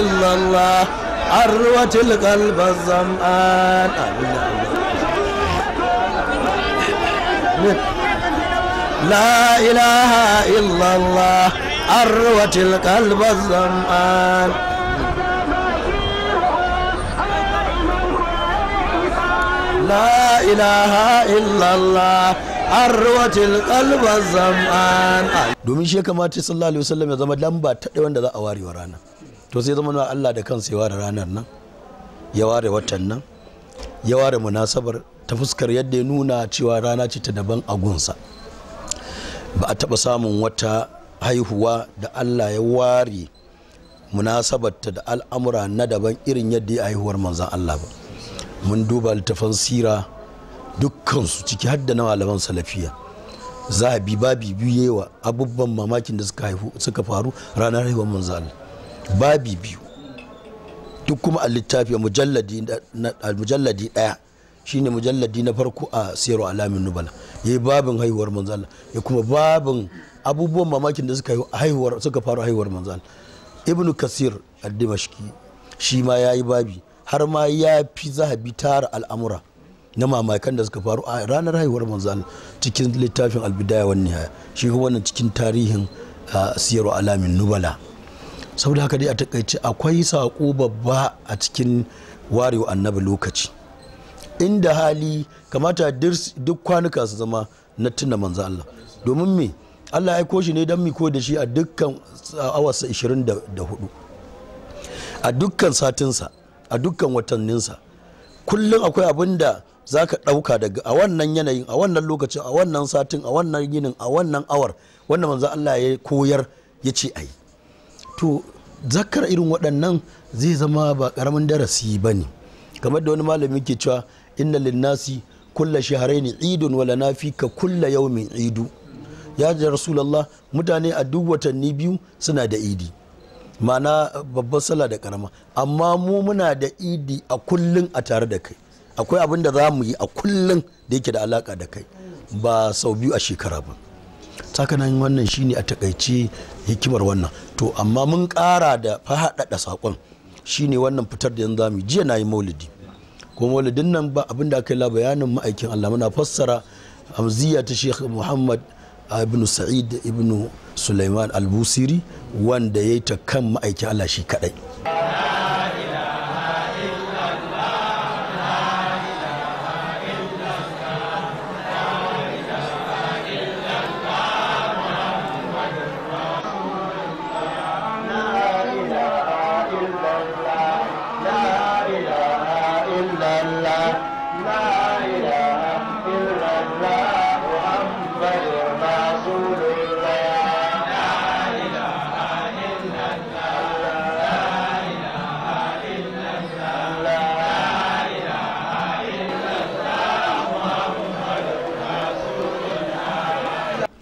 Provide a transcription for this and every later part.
إلا الله عروة القلب الظمآن لا إله إلا الله عروة القلب الظمآن لا إله إلا الله arwatil kalbar zam'an domin shi ya kamata sallallahu alaihi wasallam ya zama lamba ta wanda za a warewa rana to sai zama Allah da kansa ya ware ranar nan ya ware watan nan ya ware munasabar ta fuskar yadda ya nuna cewa rana ce ta daban a gunsa ba a taɓa samun wata haihuwa da Allah ya ware munasabar ta da al'amura na daban irin yadda ya haihuwar manzan Allah ba mun duba littafan sira dukkansu ciki hadda na malaman salafiya zahabi babi biyu yawa abubban mamakin da suka faru ranar haihuwar manzan Allah babi biyu duk kuma a littafi mujalladi ɗaya shine mujalladi na farko a siyarwa alamin nubala ya yi babin haihuwar manzala ya kuma babin abubuwan mamakin da suka haihuwar suka faru haihuwar manzala ibnu kasir al-dimashki shi ma ya yi babi har ma ya fi zahabi tara al'amura na mamakan da suka faru a ranar haihuwar manzala cikin littafin albidaya wani nihaya shi kuma wannan cikin tarihin siyarwa alamin nubala saboda haka dai a takaice akwai saƙo babba a cikin warewa annabi lokaci inda hali kamata duk kwanuka su zama na tuna manzo Allah domin me Allah ya koshi ne don miko da shi a dukkan awarsa 24 a dukkan satinsa a dukkan watanninsa kullum akwai abin da za ka ɗauka daga a wannan yanayin a wannan lokacin a wannan satin a wannan yinin a wannan awar wanda manzo Allah ya koyar ya ce a yi to zakar irin waɗannan zai zama ba ƙaramin darasi ba ne kamar da wani malami ke cewa inna linnasi kulla shaharaini idun wala ka kulla yaumin idu ya ji rasulallah mutane a duk watanni biyu suna da idi ma'ana babbar sallah da karama amma mu muna da idi a kullum a tare da kai akwai abin da za mu yi a kullun da yake da alaka da kai ba sau biyu a shekara ba sakanan wannan shine a takaice hikimar wannan to amma mun ƙara da fahaɗaɗa saƙon shine wannan fitar da yanzu zamu jiya na yi maulidi ko maulidin nan ba abin da aka yi bayanin ma'aikin Allah muna fassara hamziya ta Sheikh Muhammad ibn Sa'id ibn Sulaiman al-Busiri wanda ya yi ta kan ma'aikin Allah shi kadai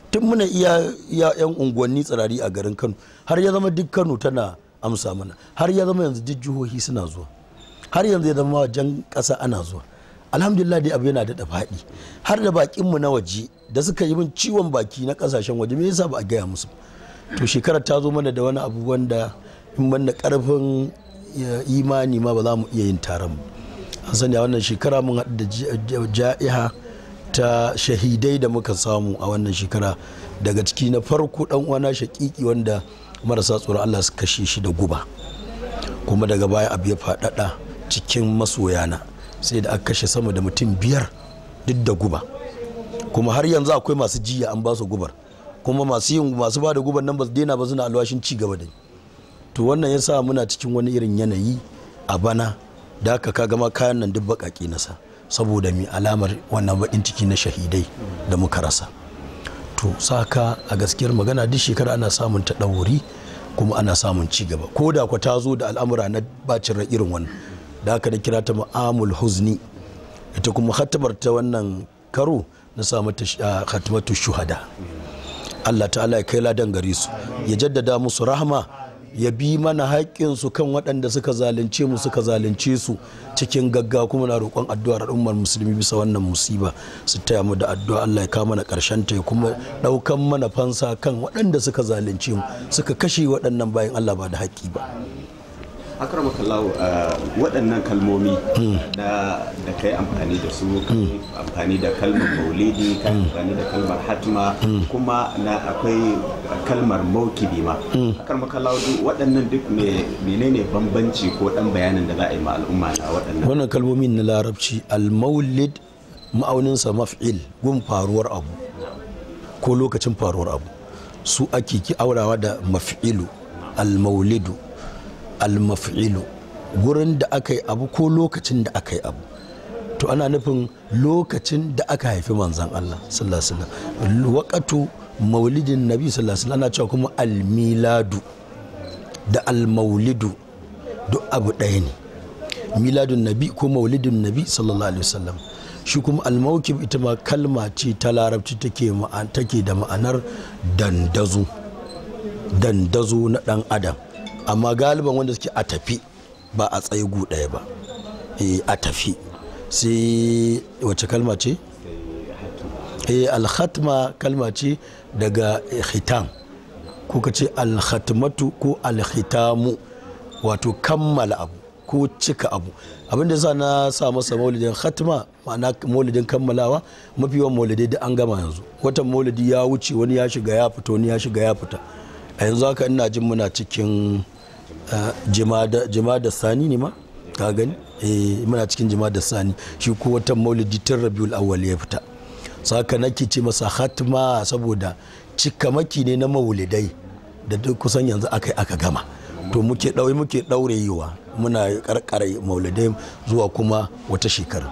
tun muna iya yan unguwanni tsirari a garin kano har ya zama duk kano tana amsa mana har ya zama yanzu duk jihohi suna zuwa har yanzu ya zama wajen ƙasa ana zuwa alhamdulillah dai abu yana da faɗi har da bakinmu na waje da suka yi min ciwon baki na kasashen waje me yasa ba a gaya musu to shekarar ta zo mana da wani abu wanda in banda karfin imani ma ba za mu iya yin taron mu an sani a wannan shekara mun haɗu da ja'iha ta shahidai da muka samu a wannan shekara daga ciki na farko dan uwana shakiki wanda marasa tsoron Allah su kashe shi da guba kuma daga baya abu ya faɗaɗa cikin masoyana sai da aka kashe sama da mutum biyar duk da guba kuma har yanzu akwai masu jiya an ba su gubar kuma masu yin masu ba da gubar nan ba su daina ba suna alwashin ci gaba da to wannan yasa muna cikin wani irin yanayi a bana da aka ka gama kayan nan duk baƙaƙe nasa saboda mai alamar wannan baƙin ciki na shahidai da muka rasa to saka a gaskiyar magana duk shekara ana samun ta ɗauri kuma ana samun ci gaba ko da kwa ta zo da al'amura na bacin irin wannan da aka da kira ta mu'amul huzni ita kuma hatabar ta wannan karo na sa mata ah, hatimatu shuhada Allah ta'ala ya kai ladan gare su ya jaddada musu rahama ya bi mana su kan waɗanda suka zalunce mu suka zalunce su cikin gagga kuma na roƙon addu'ar al'ummar musulmi bisa wannan musiba su taya mu da addu'a Allah ya kama na ƙarshen ta ya kuma ɗaukan mana fansa kan waɗanda suka zalunce mu suka kashe waɗannan bayan Allah ba da haƙƙi ba akrama lau uh, waɗannan kalmomi hmm. da ka yi amfani da su hmm. amfani da kalmar maulidi hmm. amfani da kalmar hatima kuma na akwai kalmar maukibi ma akwai kallahu duk waɗannan duk menene bambanci ko ɗan bayanin da za a yi ma al'umma na waɗannan wannan kalmomin na larabci al-maulid ma'auninsa maf'il gun faruwar abu ko lokacin faruwar abu su ake ki aurawa da maf'ilu al-maulidu almaf'ilu gurin da aka yi abu ko lokacin da aka yi abu to ana nufin lokacin da aka haifi manzan Allah sallallahu alaihi waqatu maulidin nabi sallallahu alaihi ana cewa kuma almiladu da almaulidu duk abu ɗaya ne miladun nabi ko maulidin nabi sallallahu alaihi wasallam shi kuma almaukib ita ma kalma ce ta larabci take da ma'anar dandazo dandazo na ɗan adam amma galiban wanda suke a tafi ba a tsaye gu ɗaya ba eh, a tafi sai wace kalma ce eh, alhatma kalma ce daga hitam ko ka ce alhatmatu ko alhitamu wato kammala abu ko cika abu abin da na sa masa maulidin hatma ma'ana maulidin kammalawa mafi yawan maulidai da an gama yanzu watan maulidi ya wuce wani ya shiga ya fita wani ya shiga ya fita a yanzu haka ina jin muna cikin jima da sani ne ma ka gani eh muna cikin jima da sani shi ko watan maulidi tun rabiul awwal ya fita saka nake ce masa hatima saboda cikamaki ne na maulidai da duk kusan yanzu aka aka gama to muke daure muke daurewa muna karkare maulidai zuwa kuma wata shekara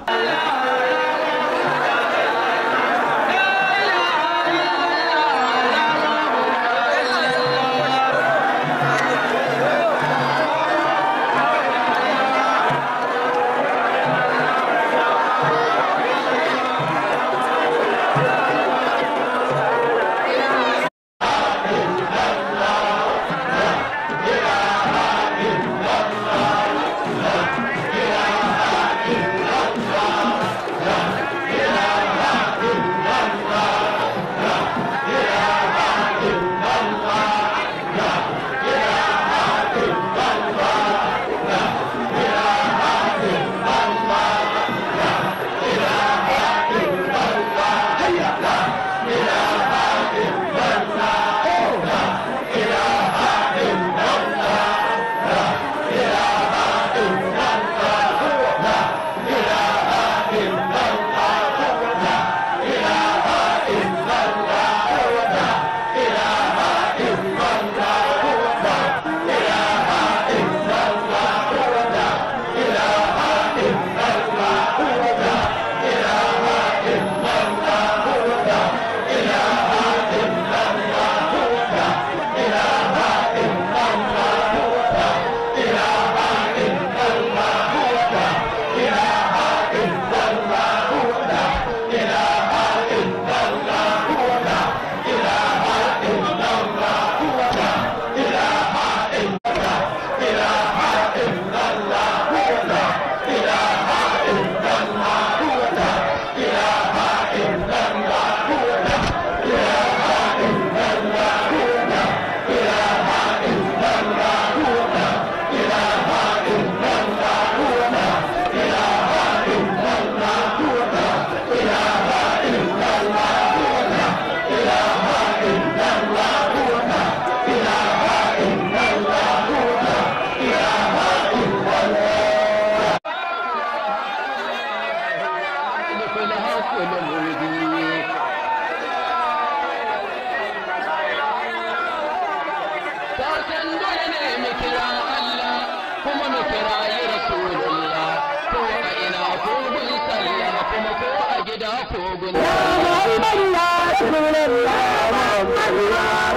رسول الله محمد يا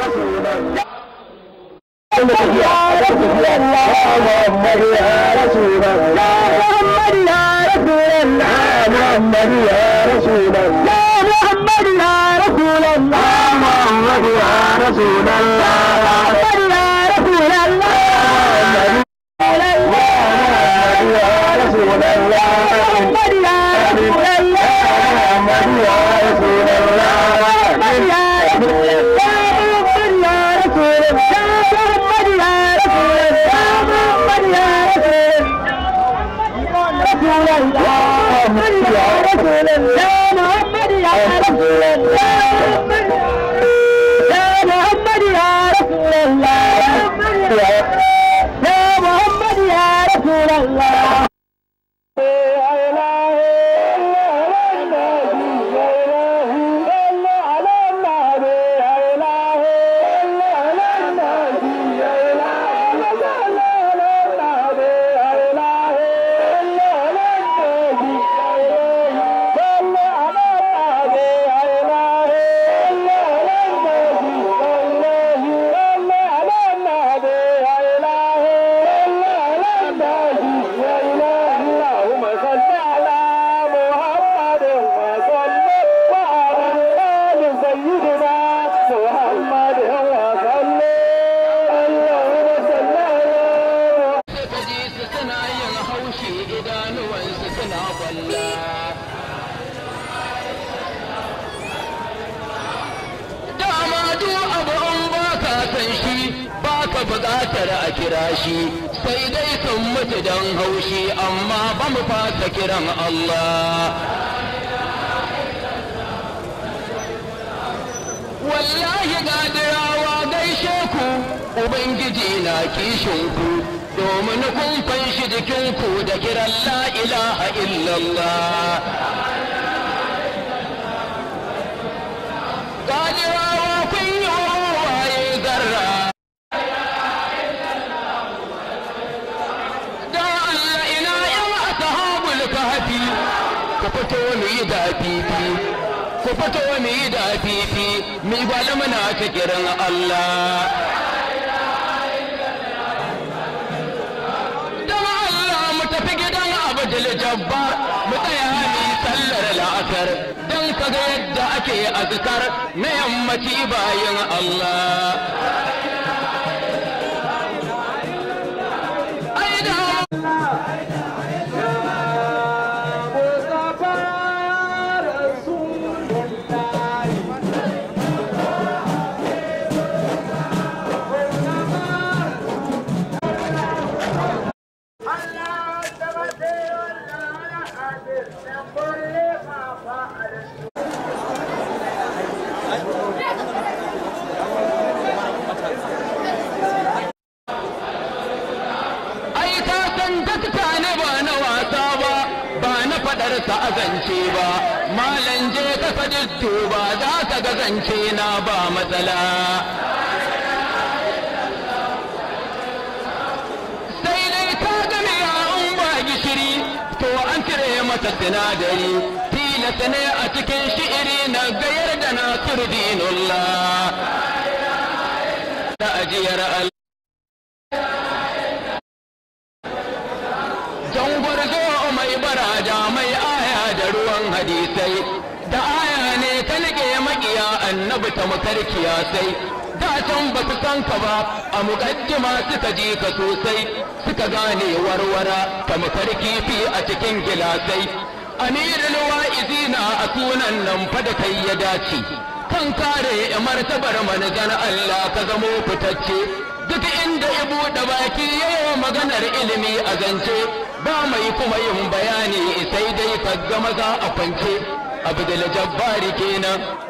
رسول الله يا رسول الله محمد يا رسول الله محمد يا رسول الله محمد يا رسول الله محمد يا رسول الله محمد يا رسول الله ubangiji na kishin ku domin kun fanshi jikinku da kiran la ilaha illallah gajirawa kun yi waye garra da Allah ina yan ashabul kahfi ku fito mu yi ku fito mu yi da fifi mu gwada muna ta kiran Allah kaga yadda ake azkar na yammaci bayan Allah can ba su san ka ba a ma suka ji ka sosai suka gane warwara ka tamkar kifi a cikin gilasai amirul na a sunan nan fa da kai ya dace kan kare ya martabar manzan Allah ka zamo fitacce duk inda ya buɗe baki yawa maganar ilimi a zance ba mai kuma yin bayani sai dai ka ga maza a kwance abdul jabbari kenan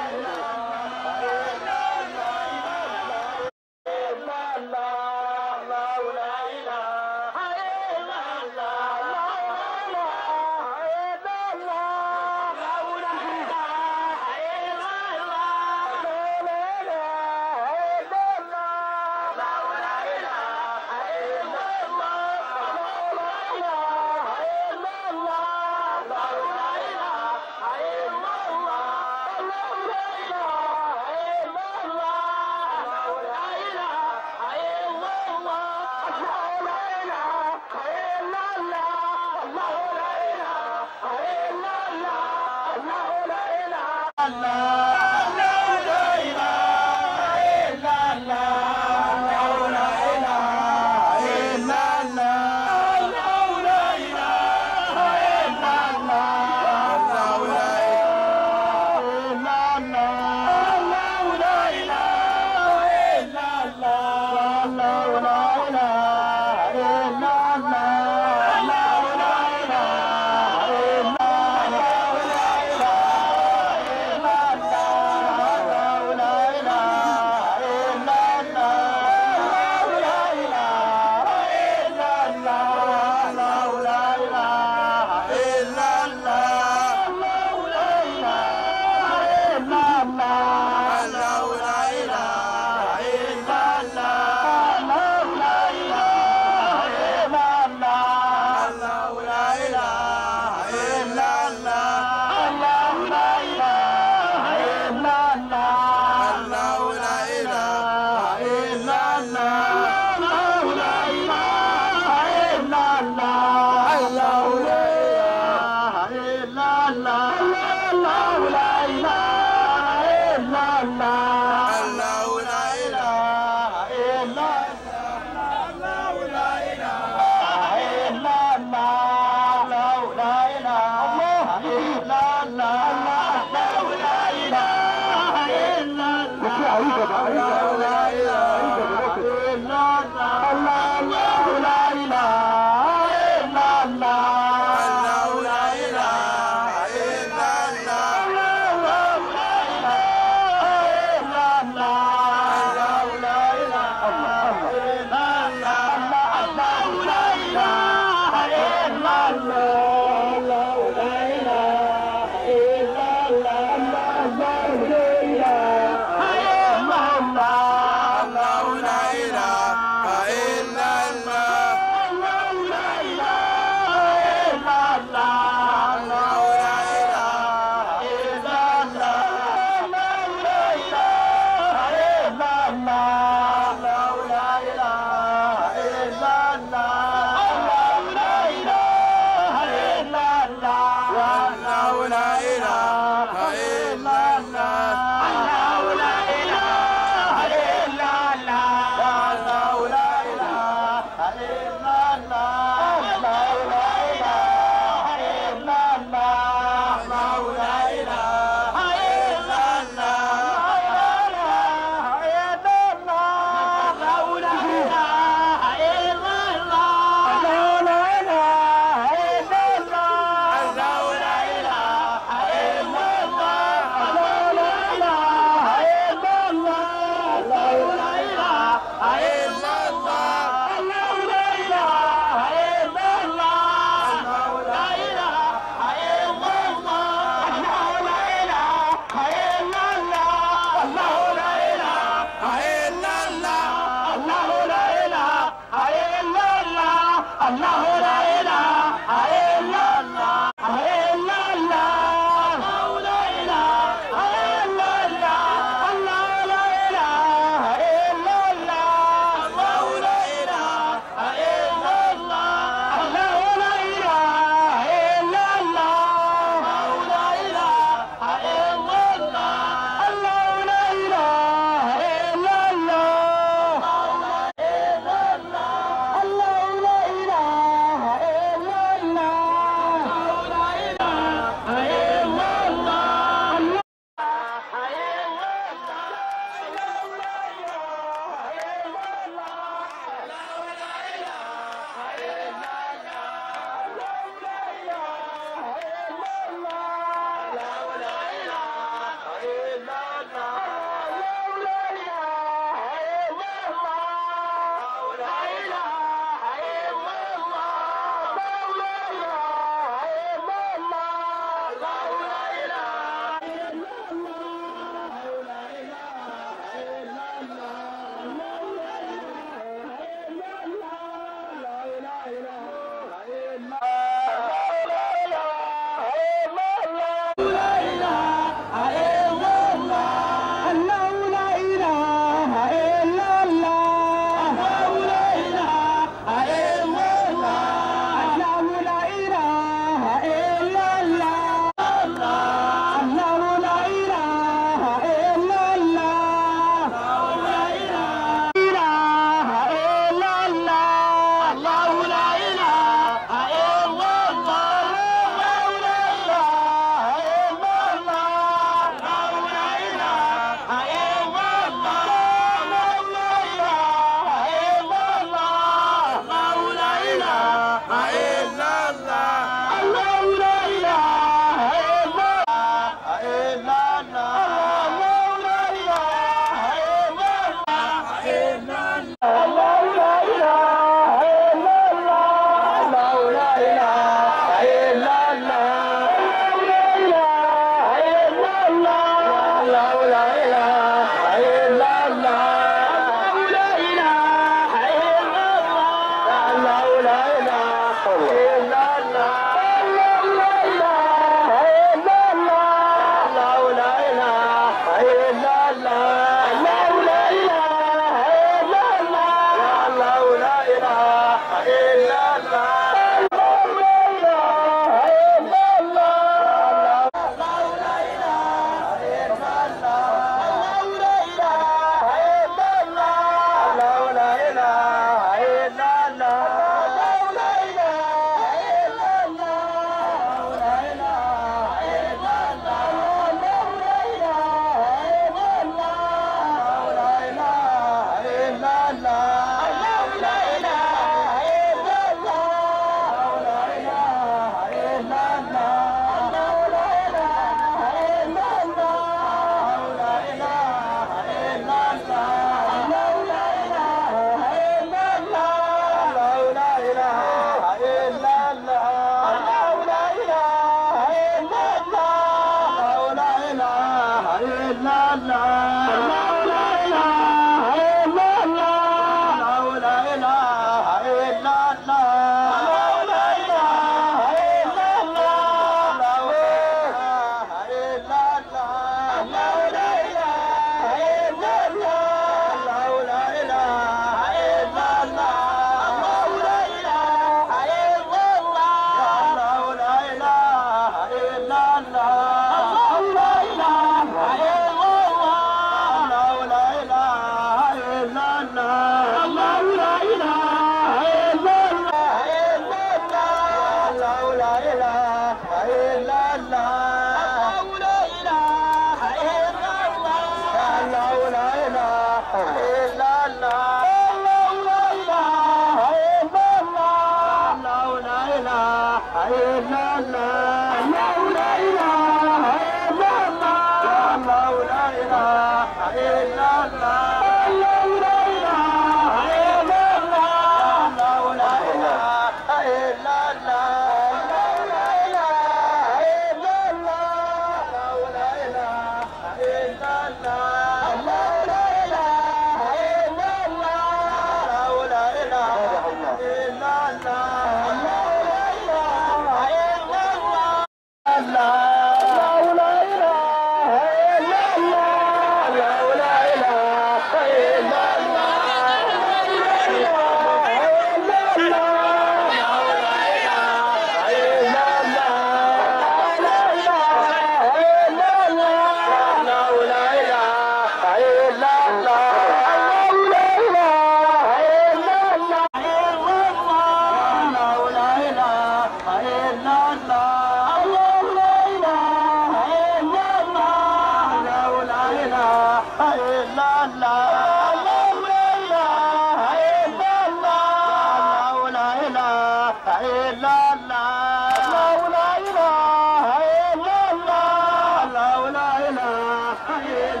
Yeah.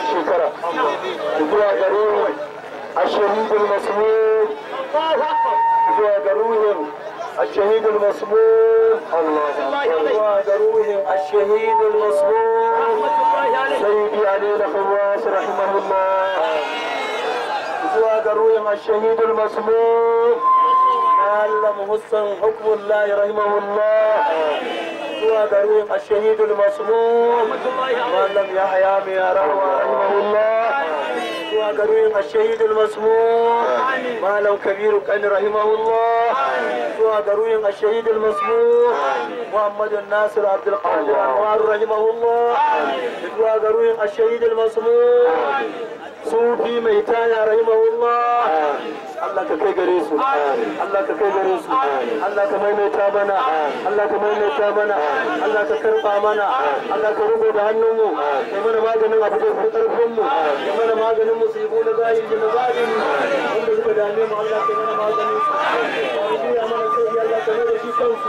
wannan shekara zuwa ga ruhin ashahidul masmud الشهيد المصبوب الله روح الشهيد المصبوب سيدي علي الخواص رحمه الله زواج روح الشهيد المصبوب علم حسن حكم الله رحمه الله وأخوة درويق الشهيد المصموم معلم يحيى مياره رحمه الله وقريب الشهيد المصموم ما لو كبيرك أن رحمه الله وقريب الشهيد المصموم محمد الناصر عبد القادر أنوار رحمه الله وقريب الشهيد المصموم صوفي ميتان رحمه الله Allah ka kai gare su Allah ka kai gare su Allah ka maimaita mana Allah ka maimaita mana Allah ka karba mana Allah ka rubo da mu. ya mana maganin abu da fi karfin mu ya mana maganin musibu na zahiri na zalimi wanda suka dame mu Allah ka mana maganin su biya mana sai Allah ka mai da shi kansu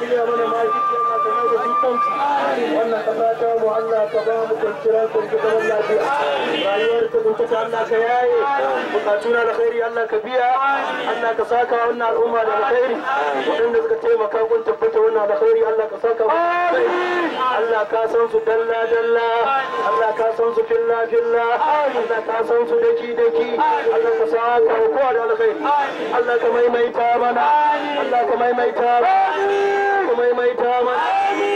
biya mana maganin wannan kasa ta mu Allah ka ba mu kwanciyar hankali da zaman lafiya rayuwar ta ta Allah ka yaye bukatu na alkhairi Allah ka biya Allah ka saka wannan al'umma da alkhairi waɗanda suka taimaka kun tabbata wannan alkhairi Allah ka saka Allah ka san su dalla dalla Allah ka san su filla filla Allah ka san su daki daki Allah ka saka wa kowa da alkhairi Allah ka maimaita mana Allah ka maimaita mana ka maimaita mana